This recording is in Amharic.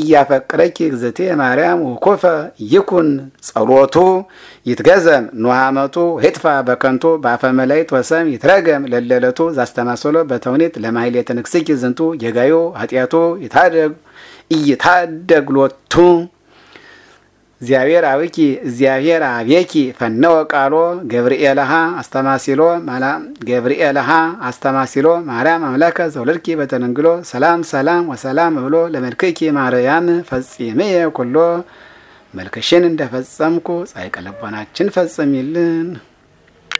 እያፈቅረኪ እግዝእትየ ማርያም ወኮፈ ይኩን ጸሎቱ ይትገዘም ንሃመቱ ህጥፋ በከንቱ በአፈ መላእክት ወሰም ይትረገም ለለለቱ ዛስተማሰሎ በተውኔት ለማህሌተ ንክስኪ ዝንቱ የጋዮ ኃጢአቱ ይታደግ እይታደግሎቱ እግዚአብሔር አብኪ እግዚአብሔር አቤኪ ፈነወ ቃሎ ገብርኤልሃ አስተማሲሎ ገብርኤልሃ አስተማሲሎ ማርያም አምላከ ዘውለድኪ በተነንግሎ ሰላም ሰላም ወሰላም ብሎ ለመልክኪ ማርያም ፈጽሜየ ኩሎ መልክሽን እንደፈጸምኩ ጻይቀ ልቦናችን ፈጽሚልን።